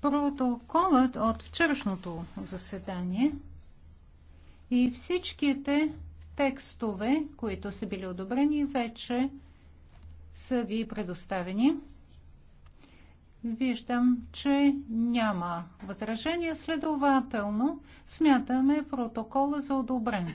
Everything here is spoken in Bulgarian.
протоколът от вчерашното заседание и всичките текстове, които са били одобрени, вече са ви предоставени. Виждам, че няма възражения, следователно смятаме протокола за одобрен.